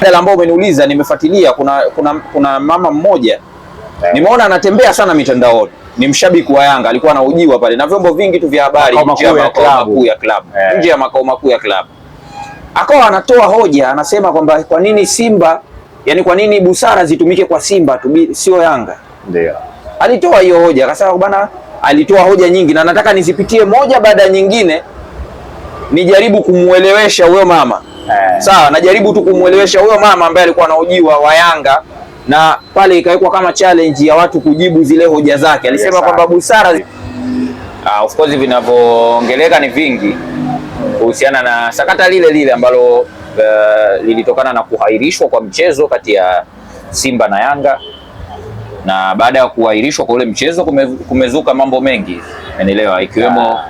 Mjadala ambao umeniuliza nimefuatilia, kuna, kuna, kuna mama mmoja eh. nimeona anatembea sana mitandaoni, ni mshabiki wa Yanga, alikuwa anaujiwa pale na vyombo vingi tu vya habari nje ya makao makuu ya klabu, eh. nje ya makao makuu ya klabu, akawa anatoa hoja, anasema kwamba kwa nini Simba, yani kwa nini busara zitumike kwa Simba tu, sio Yanga. Ndio alitoa hiyo hoja, akasema bwana, alitoa hoja nyingi na nataka nizipitie moja baada ya nyingine nijaribu kumwelewesha huyo mama eh. Sawa, najaribu tu kumwelewesha huyo mama ambaye alikuwa anaojiwa wa Yanga na pale ikawekwa kama challenge ya watu kujibu zile hoja zake. Alisema kwamba busara, ah, of course, vinavyoongeleka ni vingi kuhusiana na sakata lile lile ambalo uh, lilitokana na kuhairishwa kwa mchezo kati ya Simba na Yanga, na baada ya kuhairishwa kwa ule mchezo kume, kumezuka mambo mengi, unaelewa, ikiwemo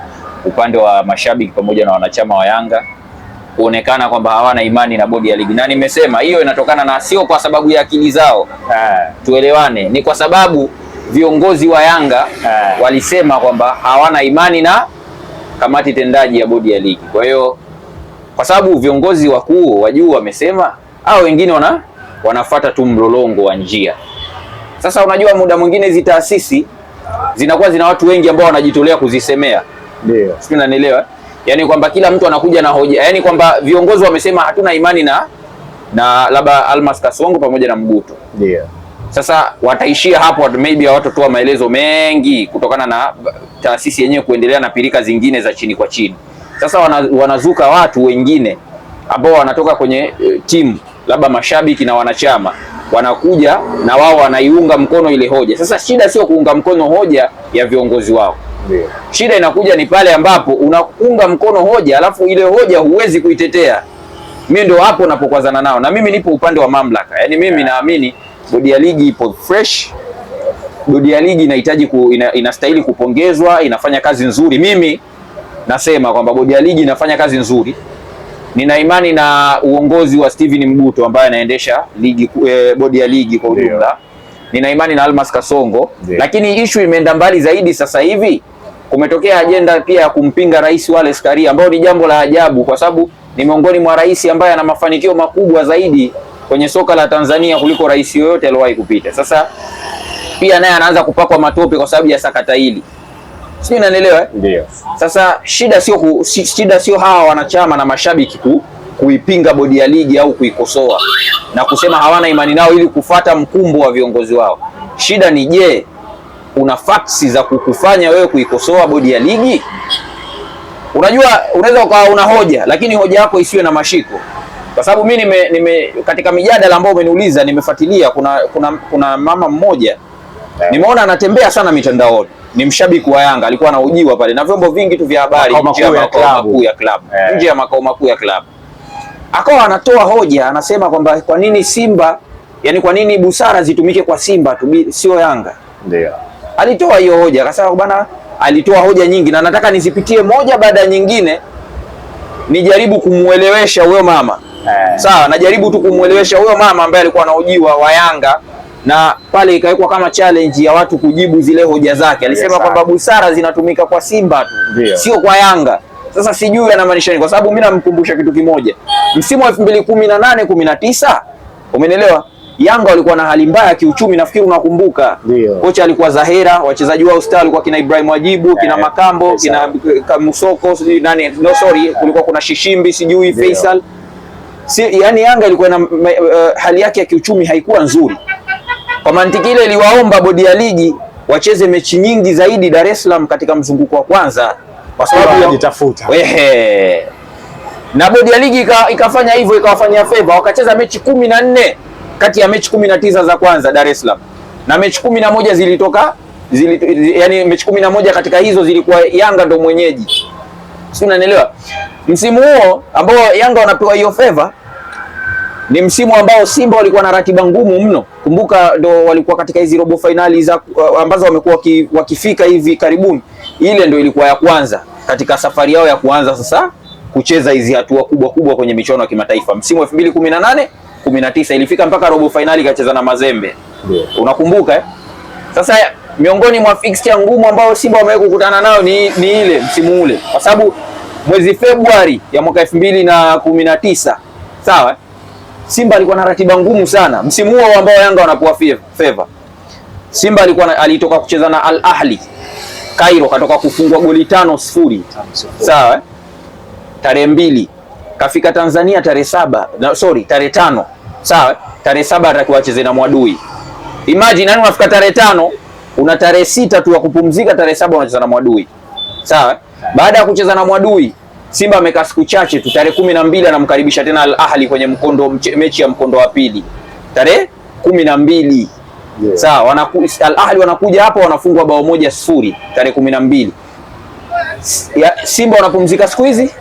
upande wa mashabiki pamoja na wanachama wa Yanga kuonekana kwamba hawana imani na bodi ya ligi, na nimesema hiyo inatokana na sio kwa sababu ya akili zao ha. Tuelewane, ni kwa sababu viongozi wa Yanga ha. walisema kwamba hawana imani na kamati tendaji ya bodi ya ligi. Kwa hiyo kwa sababu viongozi wakuu wa juu wamesema, au wengine wana wanafuata tu mlolongo wa njia. Sasa unajua, muda mwingine hizi taasisi zinakuwa zina watu wengi ambao wanajitolea kuzisemea ndio. Sijui unanielewa? Yaani kwamba kila mtu anakuja na hoja. Yaani kwamba viongozi wamesema hatuna imani na na labda Almas Kasongo pamoja na Mguto. Ndio. Sasa wataishia hapo, maybe hawatatoa maelezo mengi kutokana na taasisi yenyewe kuendelea na pirika zingine za chini kwa chini. Sasa wanazuka watu wengine ambao wanatoka kwenye e, eh, timu labda mashabiki na wanachama wanakuja na wao wanaiunga mkono ile hoja. Sasa shida sio kuunga mkono hoja ya viongozi wao. Shida inakuja ni pale ambapo unaunga mkono hoja alafu ile hoja huwezi kuitetea. Mimi ndio hapo napokwazana nao, na mimi nipo upande wa mamlaka. Yaani mimi naamini bodi ya ligi ipo fresh, bodi ya ligi inahitaji ku, ina, inastahili kupongezwa, inafanya kazi nzuri. Mimi nasema kwamba bodi ya ligi inafanya kazi nzuri. Nina imani na uongozi wa Steven Mguto ambaye anaendesha ligi eh, bodi ya ligi kwa ujumla. Nina imani na Almas Kasongo, Lakini ishu imeenda mbali zaidi sasa hivi kumetokea ajenda pia ya kumpinga Rais Wallace Karia, ambayo ni jambo la ajabu kwa sababu ni miongoni mwa rais ambaye ana mafanikio makubwa zaidi kwenye soka la Tanzania kuliko rais yoyote aliyowahi kupita. Sasa pia naye anaanza kupakwa matope kwa sababu ya sakata hili, sio? Unanielewa? Eh? Ndio. Sasa shida sio shida sio hawa wanachama na mashabiki ku, kuipinga bodi ya ligi au kuikosoa na kusema hawana imani nao ili kufata mkumbo wa viongozi wao. Shida ni je, una faksi za kukufanya wewe kuikosoa bodi ya ligi? Unajua, unaweza ukawa una hoja, lakini hoja yako isiwe na mashiko, kwa sababu mi nime, nime katika mijadala ambayo umeniuliza nimefuatilia, kuna, kuna, kuna mama mmoja nimeona anatembea sana mitandaoni, ni mshabiki wa Yanga, alikuwa anaujiwa pale na vyombo vingi tu vya habari nje ya makao makuu ya klabu, eh. nje ya makao makuu ya klabu, akawa anatoa hoja, anasema kwamba kwa nini Simba, yani kwa nini busara zitumike kwa Simba tu, sio Yanga? Ndio alitoa hiyo hoja akasema bwana, alitoa hoja nyingi, na nataka nizipitie moja baada ya nyingine, nijaribu kumuelewesha huyo mama eh. Sawa, najaribu tu kumuelewesha huyo mama ambaye alikuwa anaojiwa wa Yanga, na pale ikawekwa kama challenge ya watu kujibu zile hoja zake. Alisema yes, kwamba busara zinatumika kwa Simba tu yeah, sio kwa Yanga. Sasa sijui anamaanisha nini, kwa sababu mimi namkumbusha kitu kimoja, msimu wa 2018 19 umenielewa Yanga walikuwa na hali mbaya kiuchumi, nafikiri unakumbuka. Ndio. Kocha alikuwa Zahera, wachezaji wao star walikuwa kina Ibrahim Wajibu, kina yeah. Makambo, kina eh, Kamusoko, sijui nani, no sorry, kulikuwa kuna Shishimbi, sijui Faisal. Si, yani Yanga ilikuwa na uh, hali yake ya kiuchumi haikuwa nzuri. Kwa mantiki ile iliwaomba bodi ya ligi wacheze mechi nyingi zaidi Dar es Salaam katika mzunguko wa kwanza kwa sababu wanajitafuta. Wehe. Na bodi ya ligi ikafanya hivyo ikawafanyia favor wakacheza mechi kumi na nne kati ya mechi 19 za kwanza Dar es Salaam na mechi 11 zilitoka zili, yani mechi 11 katika hizo zilikuwa Yanga ndo mwenyeji, si unanielewa? Msimu huo ambao Yanga wanapewa hiyo favor ni msimu ambao Simba walikuwa na ratiba ngumu mno. Kumbuka ndo walikuwa katika hizi robo fainali za uh, ambazo wamekuwa wakifika hivi karibuni, ile ndo ilikuwa ya kwanza katika safari yao ya kuanza sasa kucheza hizi hatua kubwa kubwa kwenye michuano ya kimataifa msimu 2018 19 ilifika mpaka robo fainali ikacheza na Mazembe yeah. Unakumbuka eh? Sasa miongoni mwa fixture ngumu ambayo Simba wamewahi kukutana nayo ni, ni ile msimu ule, kwa sababu mwezi Februari ya mwaka 2019 sawa, eh? Simba alikuwa na ratiba ngumu sana msimu huo ambao Yanga wanapewa favor. Simba alikuwa alitoka kucheza na Al Ahli Cairo, katoka kufungwa goli tano sifuri sawa, eh? tarehe mbili kafika Tanzania tarehe saba na, sorry, tarehe tano sawa. Tarehe saba atakiwa acheze na Mwadui. Imagine yani unafika tarehe tano una tarehe sita tu ya kupumzika, tarehe saba unacheza na Mwadui sawa. Baada ya kucheza na Mwadui, Simba amekaa siku chache tu, tarehe kumi na mbili anamkaribisha tena Al Ahli kwenye mkondo mche, mechi ya mkondo wa pili tarehe kumi na mbili yeah. Sawa, Al Ahli wanakuja hapa wanafungwa bao moja sifuri tarehe kumi na mbili ya, Simba wanapumzika siku hizi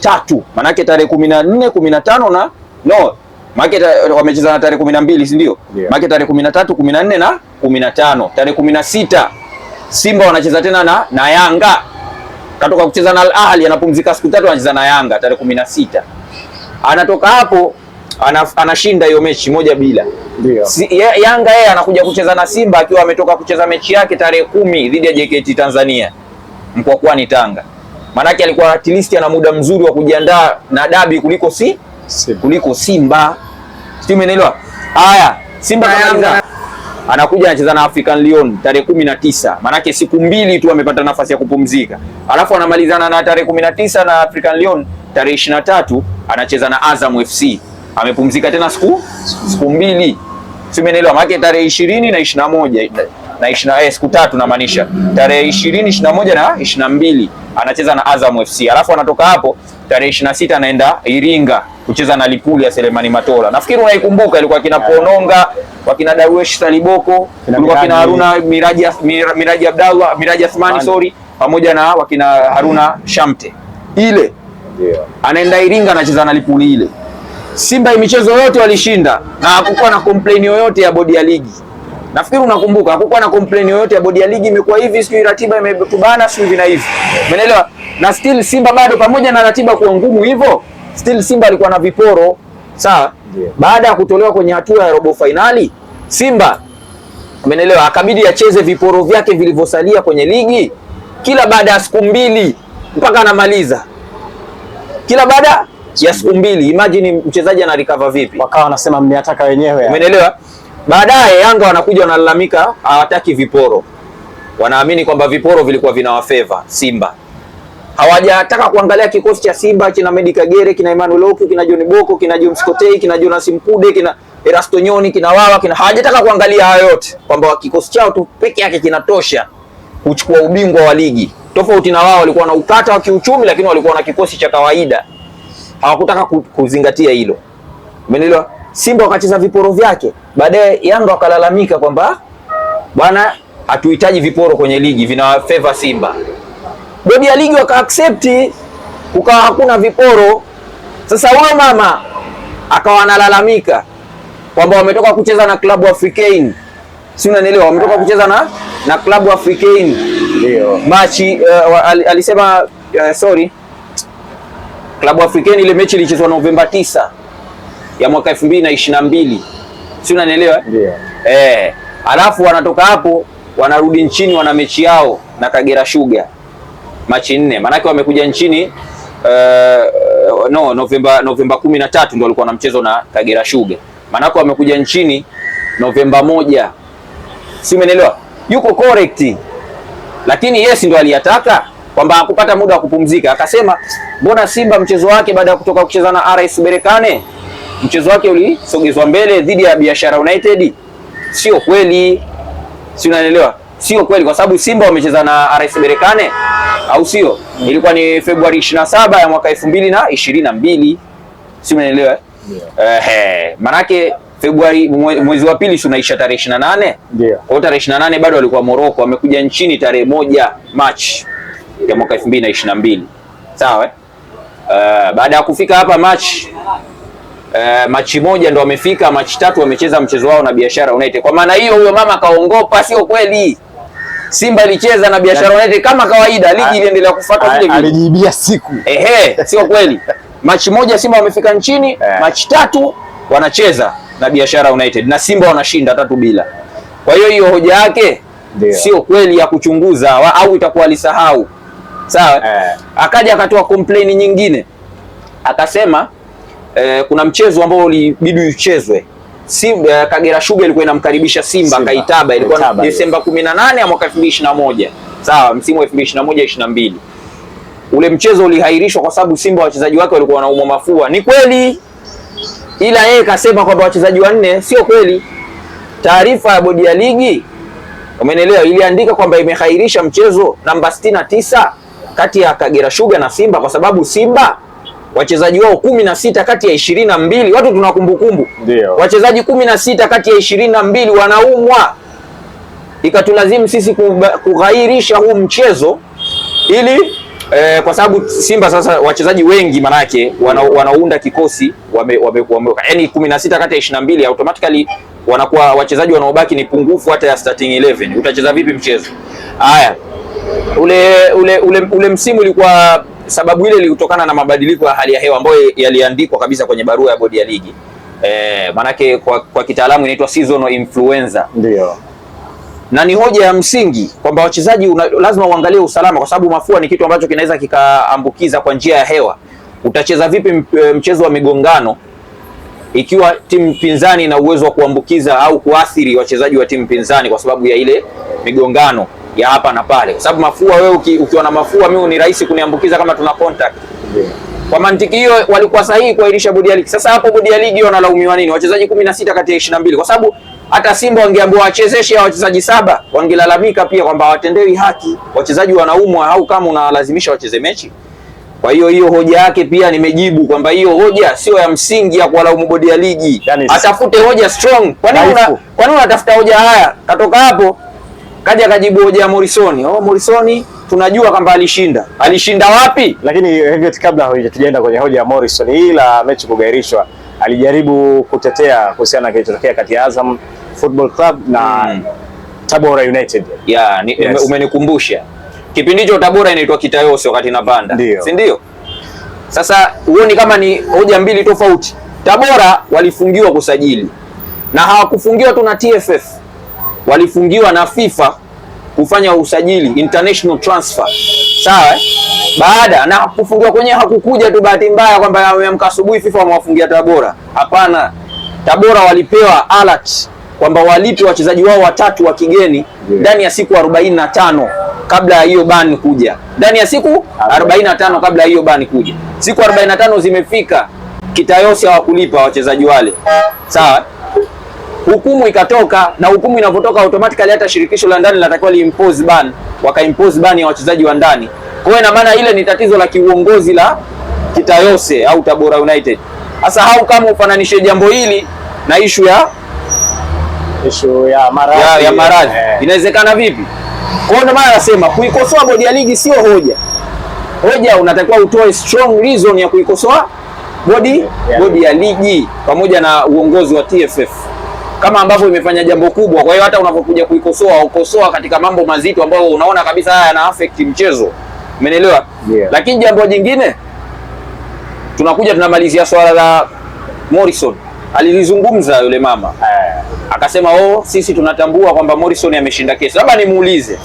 tatu, manake tarehe kumi na nne kumi na tano na no Maki wamecheza na tarehe 12 si ndio? Yeah. Maki tarehe 13, 14 na 15. Tarehe 16 Simba wanacheza tena na, na Yanga. Katoka kucheza na Al Ahli anapumzika siku tatu anacheza na Yanga tarehe 16. Anatoka hapo anaf, anashinda hiyo mechi moja bila. Yeah. Si, Yanga yeye anakuja kucheza na Simba akiwa ametoka kucheza mechi yake tarehe kumi dhidi ya JKT Tanzania Mkwakwani Tanga. Maanake alikuwa at least ana muda mzuri wa kujiandaa na dabi kuliko si, Simba. Kuliko Simba sijui umeelewa. Haya, Simba kamaliza anakuja anacheza na African Lyon tarehe kumi na tisa maanake siku mbili tu amepata nafasi ya kupumzika, alafu anamalizana na tarehe kumi na tisa na African Lyon tarehe ishirini na tatu anacheza na Azam FC, amepumzika tena siku siku mbili, si umeelewa? Maanake tarehe ishirini na ishirini na moja na eh, siku tatu namaanisha tarehe ishirini ishirini na moja na ishirini na mbili anacheza na Azam FC, alafu anatoka hapo tarehe ishirini na sita anaenda Iringa kucheza na Lipuli ya Selemani Matola. Nafikiri unaikumbuka, ilikuwa kina Pononga, wakina Darwesh Saliboko, kulikuwa kina Haruna Miraji, Miraji Abdallah, Miraji Athmani, sorry, pamoja na wakina Haruna Shamte ile yeah. Anaenda Iringa anacheza na Lipuli ile. Simba michezo yote walishinda na hakukuwa na complain yoyote ya bodi ya ligi. Nafikiri unakumbuka hakukuwa na complain yoyote ya bodi ya ligi, imekuwa hivi, sio ratiba imetubana, sio hivi na hivi. Umeelewa? Na still Simba bado pamoja na ratiba kuwa ngumu hivyo, still Simba alikuwa na viporo. Sawa? Yeah. Baada ya kutolewa kwenye hatua ya robo finali, Simba umeelewa, akabidi acheze viporo vyake vilivyosalia kwenye ligi kila baada ya siku mbili mpaka anamaliza. Kila baada ya siku mbili, imagine mchezaji ana recover vipi? Wakawa wanasema mniataka wenyewe. Umeelewa? Baadaye Yanga wanakuja wanalalamika, hawataki viporo, wanaamini kwamba viporo vilikuwa vinawafeva Simba. Hawajataka kuangalia kikosi cha Simba kina Medi Kagere, kina Emmanuel Okwi, kina John Boko, kina James Kotei, kina Jonas Mkude, kina Erasto Nyoni, kina Wawa, kina hawajataka kuangalia hayo yote, kwamba kikosi chao tu peke yake kinatosha kuchukua ubingwa wa ligi. Tofauti na wao, walikuwa na ukata wa kiuchumi, lakini walikuwa na kikosi cha kawaida, hawakutaka kuzingatia hilo. Umeelewa? Simba wakacheza viporo vyake, baadaye Yanga wakalalamika kwamba bwana, hatuhitaji viporo kwenye ligi, vinawafeva Simba. Bodi ya ligi waka accept, kukawa hakuna viporo. Sasa huyo mama akawa analalamika kwamba wametoka kucheza na klabu Afrikain, si unanielewa, wametoka kucheza na na klabu Africain machi uh, eh, al, alisema uh, sorry klabu Afrikain ile mechi ilichezwa Novemba 9 ya mwaka mbili si unanielewa eh? Eh, alafu wanatoka hapo wanarudi nchini, wana mechi yao na Kagera Sugar machi nne, maanake wamekuja nchini uh, no Novemba Novemba 13 ndio walikuwa na mchezo na Kagera Sugar, maanake wamekuja nchini Novemba moja, si umeelewa? Yuko correct, lakini yes ndo aliyataka kwamba hakupata muda wa kupumzika, akasema mbona Simba mchezo wake baada ya kutoka kucheza na RS Berekane mchezo wake ulisogezwa mbele dhidi ya Biashara United. Sio kweli, si unanielewa? Sio kweli kwa sababu Simba wamecheza na RS Berkane, au sio? Ilikuwa ni Februari 27 ya mwaka 2022, si unanielewa? Yeah. Eh, manake Februari mwezi wa pili tunaisha tarehe 28? Ndio. Kwa tarehe 28 bado walikuwa Morocco, wamekuja nchini tarehe moja Machi ya mwaka 2022. Sawa eh? Uh, baada ya kufika hapa Machi Eh, machi moja ndo wamefika, machi tatu wamecheza mchezo wao na Biashara United. Kwa maana hiyo huyo mama kaongopa, sio kweli. Simba ilicheza na Biashara yaani- United kama kawaida, ligi ah, iliendelea kufuata vile ah, vile. Alijibia siku. Ehe, sio kweli. Machi moja Simba wamefika nchini, eh. machi tatu wanacheza na Biashara United na Simba wanashinda tatu bila. Kwa hiyo hiyo hoja yake sio kweli ya kuchunguza au itakuwa alisahau. Sawa? Eh. Akaja akatoa complain nyingine. Akasema eh, kuna mchezo ambao ulibidi uchezwe Simba, eh, Kagera Sugar ilikuwa inamkaribisha Simba Kaitaba, ilikuwa Desemba 18 ya mwaka 2021, sawa, msimu wa 2021 22. Ule mchezo ulihairishwa kwa sababu Simba wachezaji wake walikuwa wanaumwa mafua. Ni kweli, ila yeye kasema kwamba wachezaji wanne sio kweli. Taarifa ya bodi ya ligi, umeelewa, iliandika kwamba imehairisha mchezo namba 69 kati ya Kagera Sugar na Simba kwa sababu Simba wachezaji wao kumi na sita kati ya ishirini na mbili watu tuna kumbukumbu, ndio wachezaji kumi na sita kati ya ishirini na mbili wanaumwa, ikatulazimu sisi kughairisha huu mchezo ili eh, kwa sababu Simba sasa wachezaji wengi manake wana, wanaunda kikosi wame, wame, wame, yani kumi na sita kati ya ishirini na mbili automatically wanakuwa wachezaji wanaobaki ni pungufu hata ya starting 11. Utacheza vipi mchezo? Haya, ule, ule, ule, ule msimu ulikuwa sababu ile ilitokana na mabadiliko ya hali ya hewa ambayo yaliandikwa kabisa kwenye barua ya bodi ya ligi eh, maanake kwa, kwa kitaalamu inaitwa seasonal influenza ndio na ni hoja ya msingi kwamba wachezaji lazima uangalie usalama, kwa sababu mafua ni kitu ambacho kinaweza kikaambukiza kwa njia ya hewa. Utacheza vipi eh, mchezo wa migongano ikiwa timu pinzani ina uwezo wa kuambukiza au kuathiri wachezaji wa timu pinzani kwa sababu ya ile migongano? ya hapa na pale, kwa sababu mafua, wewe ukiwa na mafua mimi ni rahisi kuniambukiza kama tuna contact yeah. Kwa mantiki hiyo walikuwa sahihi kuahirisha bodi ya ligi. Sasa hapo bodi ya ligi wanalaumiwa nini? Wachezaji kumi na sita kati ya 22 kwa sababu hata Simba wangeambiwa wachezeshe wachezaji saba wangelalamika pia kwamba hawatendewi haki, wachezaji wanaumwa, au kama unalazimisha wacheze mechi. Kwa hiyo hiyo hoja yake pia nimejibu kwamba hiyo hoja sio ya msingi ya kuwalaumu bodi ya ligi, yaani atafute hoja strong. Kwa nini unatafuta hoja haya? Katoka hapo Kaja kajibu hoja Morrison. Oh, Morrison tunajua kwamba alishinda. Alishinda wapi? Lakini eh, hivyo kabla hatujaenda kwenye hoja ya Morrison hii la mechi kugairishwa, alijaribu kutetea kuhusiana na kilichotokea kati ya Azam Football Club na hmm. Tabora United. Ya, ni, yes. Umenikumbusha kipindi hicho Tabora inaitwa Kitayosi wakati inapanda, si ndio? Sasa huoni kama ni hoja mbili tofauti? Tabora walifungiwa kusajili na hawakufungiwa tu na TFF walifungiwa na FIFA kufanya usajili international transfer, sawa. Eh? Baada na kufungiwa kwenyewe hakukuja tu bahati mbaya kwamba ameamka asubuhi FIFA wamewafungia Tabora. Hapana, Tabora walipewa alert kwamba walipe wachezaji wao watatu wa kigeni ndani ya siku 45 kabla ya hiyo ban kuja, ndani ya siku 45 kabla ya hiyo ban kuja. Siku 45 zimefika, Kitayosi hawakulipa wachezaji wale, sawa hukumu ikatoka, na hukumu inapotoka automatically hata shirikisho la ndani linatakiwa liimpose ban, wakaimpose ban ya wachezaji wa ndani. Kwa hiyo ina maana ile ni tatizo la kiuongozi la Kitayose au Tabora United. Sasa hau kama ufananishe jambo hili na ishu ya ishu ya maradhi ya, ya maradhi eh, inawezekana vipi? Kwa hiyo ndio maana nasema kuikosoa bodi ya ligi sio hoja. Hoja unatakiwa utoe strong reason ya kuikosoa bodi yeah, bodi ya ligi pamoja na uongozi wa TFF kama ambavyo imefanya jambo kubwa. Kwa hiyo hata unapokuja kuikosoa ukosoa katika mambo mazito ambayo unaona kabisa haya yana affect mchezo, umeelewa? Yeah. Lakini jambo jingine tunakuja tunamalizia swala la Morrison, alilizungumza yule mama yeah. Akasema oh, sisi tunatambua kwamba Morrison ameshinda kesi. Labda nimuulize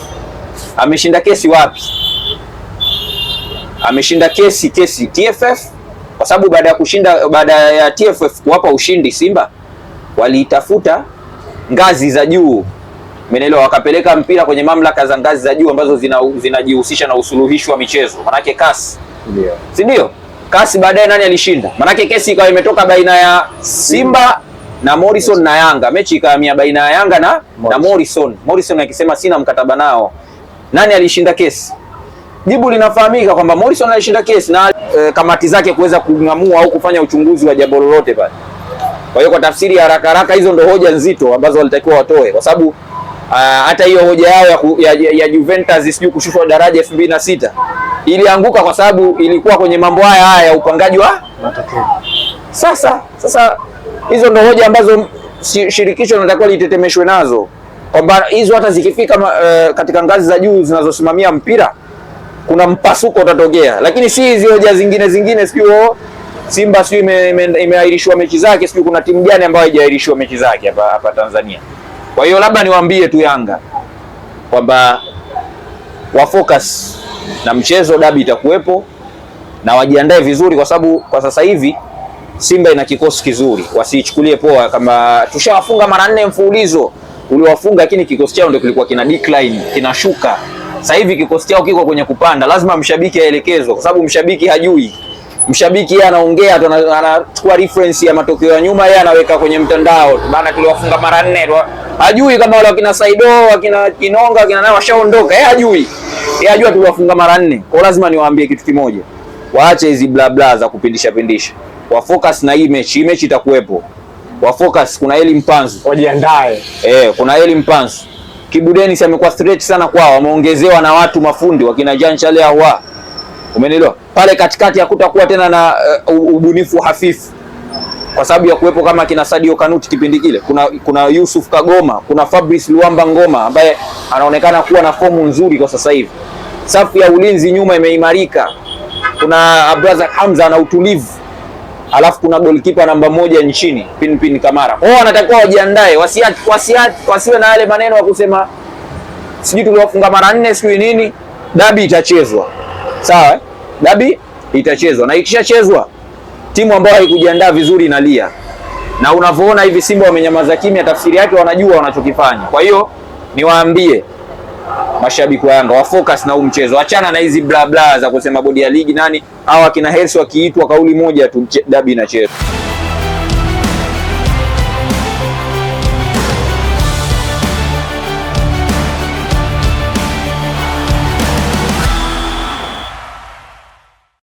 ameshinda kesi wapi? Ameshinda kesi kesi TFF, kwa sababu baada ya kushinda baada ya TFF kuwapa ushindi Simba waliitafuta ngazi za juu, umeelewa? Wakapeleka mpira kwenye mamlaka za ngazi za juu ambazo zinajihusisha zina na usuluhishi wa michezo, manake CAS, si ndio? CAS baadaye nani alishinda? Manake kesi ikawa imetoka baina ya Simba na Morrison na Yanga, mechi ikahamia baina ya Yanga na Morrison. na Morrison Morrison akisema sina mkataba nao. Nani alishinda kesi? Jibu linafahamika kwamba Morrison alishinda kesi na e, kamati zake kuweza kung'amua au kufanya uchunguzi wa jambo lolote pale. Kwa hiyo kwa tafsiri ya haraka haraka, hizo ndo hoja nzito ambazo walitakiwa watoe, kwa sababu ah, hata hiyo hoja yao ya, ya, ya Juventus sijui kushushwa daraja elfu mbili na sita ilianguka kwa sababu ilikuwa kwenye mambo haya haya ya upangaji wa matokeo. Sasa sasa hizo ndo hoja ambazo shirikisho linatakiwa litetemeshwe nazo kwamba hizo hata zikifika uh, katika ngazi za juu zinazosimamia mpira kuna mpasuko utatokea, lakini si hizi hoja zingine zingine sio Simba sijui imeahirishwa mechi zake, sijui kuna timu gani ambayo haijaahirishwa mechi zake hapa hapa Tanzania. Kwa hiyo labda niwaambie tu Yanga kwamba wa focus na mchezo dabi itakuwepo na wajiandae vizuri, kwa sababu kwa sasa hivi Simba ina kikosi kizuri, wasiichukulie poa kama tushawafunga mara nne mfululizo. Uliwafunga, lakini kikosi chao ndio kilikuwa kina decline, kinashuka. Sasa hivi kikosi chao kiko kwenye kupanda, lazima mshabiki aelekezwe, kwa sababu mshabiki hajui mshabiki yeye anaongea tu, anachukua reference ya matokeo ya nyuma, yeye anaweka kwenye mtandao bana, tuliwafunga mara nne tu, hajui kama wale wakina Saido wakina Kinonga wakina nao washaondoka, yeye hajui, yeye hajua tuliwafunga mara nne. Kwa lazima niwaambie kitu kimoja, waache hizi bla bla za kupindisha pindisha, wa focus na hii mechi. Hii mechi itakuwepo, wa focus. Kuna Eli Mpanzu, wajiandae. Eh, kuna Eli Mpanzu. Kibu Denis amekuwa straight sana kwao, wameongezewa na watu mafundi wakina Jean Charles Ahoua Umenielewa? Pale katikati hakutakuwa tena na uh, ubunifu hafifu kwa sababu ya kuwepo kama kina Sadio Kanuti kipindi kile, kuna kuna Yusuf Kagoma, kuna Fabrice Luamba Ngoma ambaye anaonekana kuwa na fomu nzuri kwa sasa hivi. Safu ya ulinzi nyuma imeimarika, kuna Abrazak Hamza ana utulivu, alafu kuna golikipa namba moja nchini Pinpin Kamara. Kwao wanatakiwa wajiandae, wasiwe wasi na yale maneno ya kusema sijui tuliwafunga mara nne sijui nini, dabi itachezwa. Sawa, eh? dabi itachezwa na ikishachezwa, timu ambayo haikujiandaa vizuri inalia, na unavyoona hivi Simba wamenyamaza kimya, tafsiri yake wanajua wanachokifanya. Kwa hiyo niwaambie mashabiki wa Yanga na huu mchezo, achana na hizi bla bla za kusema bodi ya ligi nani, hawa kina Hersi wakiitwa kauli moja tu, dabi inachezwa.